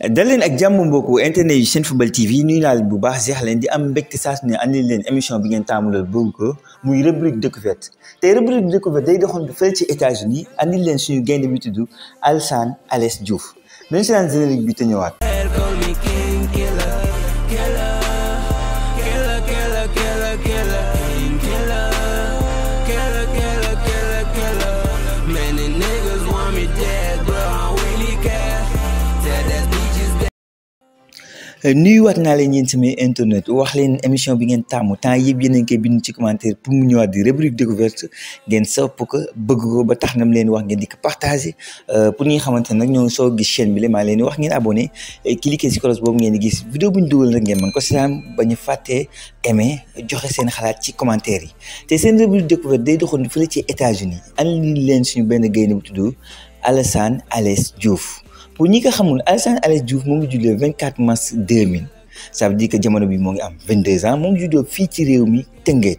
dal leen ak jàmm mbokku internet yu seen football tv nuyu naa bu baax jeex leen di am mbégte saa su ne leen émission bi ngeen taamulal bëgg ko muy rubrique découverte tey rubrique découverte day doxantu fële ci États-Unis andi leen suñu gaynde bi tudd Alsan Ales Diouf nañu si naan générique bi te ñëwaat Euh, nuyuwaat naa leen yéen samay internet wax leen émission bi ngeen tàmm temps yëpp yéen a ngi koy bind ci commentaire pour mu ñëwaat di rubrique découverte ngeen sopp ko bëgg ko tax na leen wax ngeen di ko partagé euh, pour ñi xamante ne nag ñoo soo gis chaîne bi maa leen di wax ngeen abonné euh, cliqué si cloche boobu ngeen di gis vidéo bu ñu dugal rek ngeen mën ko sitaan ba ñu fàttee joxe seen xalaat ci commentaire yi te seen rubrique découverte day doxoon fële ci États-Unis an li leen suñu benn gaynde bu tudd Alassane Alès Diouf pour ñi nga xamul Alassane ale Diouf mu ngi juddoo 24 mars 2000 ça veut dire que jamono bi mo ngi am 22 ans mo ngi juddoo fi ci réew mi Tëngéej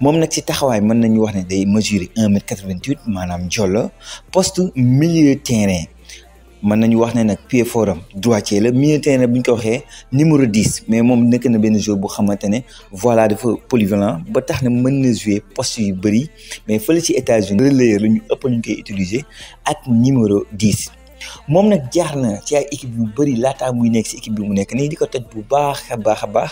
mom nak ci taxaway mën nañu wax ne day mesurer 1 mètre 88 maanaam jollo poste milieu terrain mën nañu wax ne nak pied forum droitier la milieu terrain buñ ko waxé numéro 10 mais mom nekk na ben joueur bu xamante ne voilà dafa polyvalent ba tax na mën na jouer poste yu bëri mais fële ci États-Unis relayeur la ñu ëpp ñu koy utiliser ak numéro 10 moom nag jaar na ci ay équipe yu bëri laataa muy nekk si équipe bi mu nekk nii di ko toj bu baax a baax a baax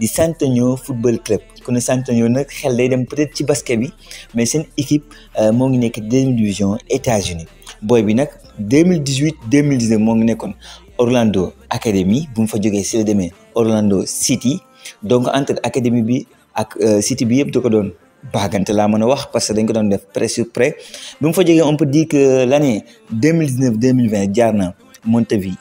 di Santonio football club ku ne Sant'Agno nag xel day dem peut-être ci basket bi mais seen équipe euh, moo ngi nekk deuxième division États-Unis boy bi nag 2018 2019 moo ngi nekkoon Orlando Academy bu mu fa jógee si la demee Orlando City donc entre Academy bi ak euh, City bi yëpp da ko doon bagante la mëna wax parce que dañ ko doon def près pré près bi mu fa jógee on peut dire que l'année 2019 2020 jaar na Montevi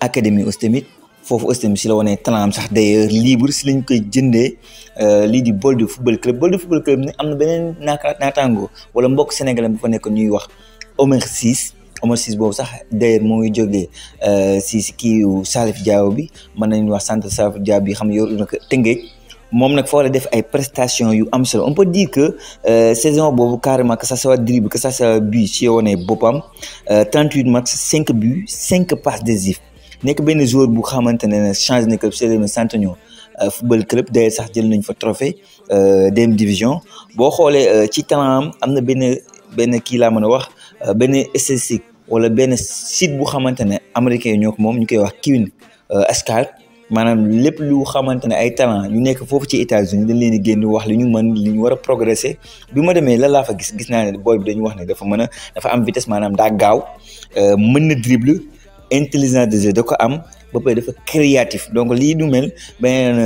académie aussi tamit foofu aussi si la wone talent sax d'ailleurs libre si lañ koy jëndee eh, lii di bol de football club bol de football club ni am na beneen naaka naataango wala mbokk sénégalais bu fa nekk ñuy wax Omer 6 Omer 6 boobu sax d'ailleurs moo ngi jógee eh, si si kii Salif Diaw bi mën nañ wax centre Salif Diaw bi xam yor na ko tëngeej mom nak fo war def ay prestations yu am solo on peut dire que euh saison bobu carrément que ça soit dribble que ça soit but ci bopam euh 38 matchs 5 buts 5 passes décisives nek ben joueur bu xamante na change nek na club Cerro Porteño euh, football club d'ailleurs sax jël nañ fa trophée euh deuxième division bo xolé euh, ci talent amna ben ben ki la mëna wax ben statistique wala ben site bu xamante américain ñoko mom ñukay ñu koy wax Kiwin Scout maanaam lépp lu xamante ne ay talent yu nekk foofu ci États-Unis dañ leen di génn wax li ñu mën li ñu war a progresser bi ma demee la laa fa gis gis naa ne booy bi dañu wax ne dafa mën a dafa am vitesse maanaam daa gaaw euh, mën na dribble intelligence de jeu da ko am ba pare dafa créatif donc lii du mel benn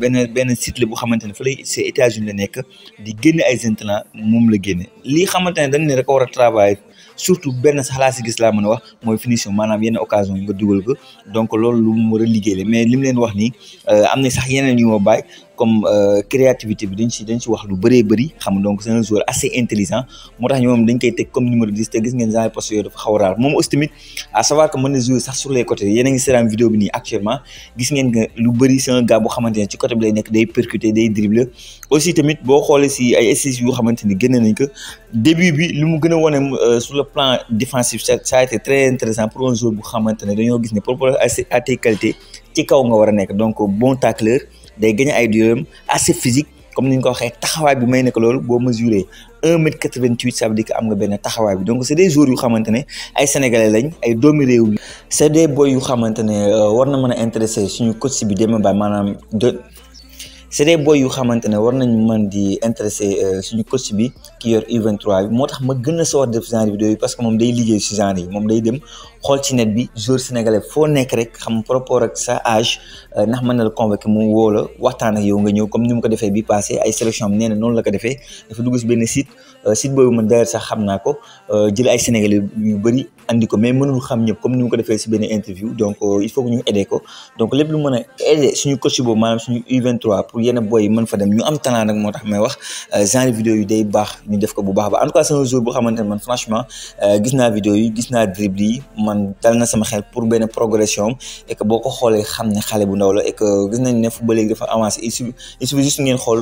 benn benn site la bu xamante ne fa lay c'est États-Unis la nekk di génn ay jeunes moom la génne lii xamante ne dañ ne da ko war a travailler surtout benn sax laa gis laa mën wax mooy finition maanaam yenn occasion yi nga dugal ko donc loolu lu mu war liggéey la mais li mu leen wax nii euh, am na sax yeneen yu ma bàyyi euh, créativité bi dañ si wax lu bëree bëri xam donc c'est un joueur assez intelligent moo tax ñoom dañ koy teg comme numéro 10 te gis ngeen genre poste yooyu dafa xaw raar moom aussi tamit à savoir que mën na jouer sax sur les côtés yéen a ngi seetaan vidéo bi nii actuellement gis ngeen nga lu ne ci côté bi lay nekk day percuter day dribbler aussi boo xoolee si ay essais yoo xamante ni génne nañ ko début bi li mu gën a wane euh, sur le plan défensif ça a été très intéressant pour un joueur bu xamante ne dañoo gis ne pour rapport à tes qualités ci kaw nga war a nekk donc bon tacleur day gagné ay duelam assez physique comme niñ ko waxee taxawaay bi may nekk loolu boo mesuré un mètre quatre vingt huit ça veut dire que am nga benn taxawaay bi donc c' est des joueurs yu xamante ay sénégalais lañ ay doomi réew mi. c' est des boy yu xamante euh, war na mën a intéressé suñu coach bi Demba Ba maanaam de. c'est des boy yu xamante ne war nañ mën di intéressé euh, suñu coach bi ki yor U23 bi moo tax ma gën a sawar def genre vidéo yi parce que moom day liggéey si genre yi moom day dem xool ci net bi joueur sénégalais foo nekk rek xam a rapport ak sa âge euh, ndax man na la convoqué mu woo la waxtaan ak yow nga ñëw comme ni mu ko defee bi passé ay sélection am nee noonu la ko defee dafa dugg si benn site euh, site boobu man d'ailleurs sax xam naa ko jël ay sénégalais yu bëri andi ko mais mënul xam ñëpp comme ni mu ko defee si benn interview donc euh, il faut que ñu aider ko donc lépp lu mën a aider suñu coach boobu maanaam suñu U23 pour yenn boy yi mën fa dem ñu am talent nag moo tax may wax euh, genre vidéo yu day baax ñu def ko bu baax ba en tout cas c'est un jour boo xamante ne man franchement euh, gis naa vidéo yi gis naa dribble yi man dal na sama xel pour benn progression et que boo ko xoolee xam ne xale bu ndaw la et que gis nañ ne football yi dafa avancé il suffit juste ngeen xool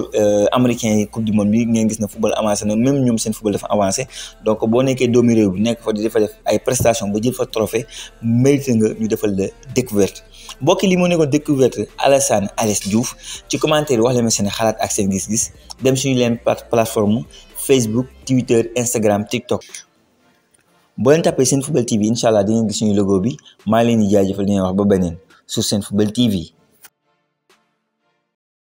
américain yi coupe du monde bi ngeen gis ne football avancé na même ñoom seen football dafa avancé donc boo nekkee doomi réew bi nekk fa di dafa def ay prestation ba jël fa trophée mérité nga ñu defal la découverte mbokki li mu nekkoon découverte Alassane Alès Diouf ci commentaire wax leen seen xalaat ak seen gis-gis dem suñu leen plateforme Facebook Twitter Instagram TikTok bo leen seen football TV incha allah di ngeen gis suñu logo bi maa leen di jaajëfal di wax ba beneen sur football TV.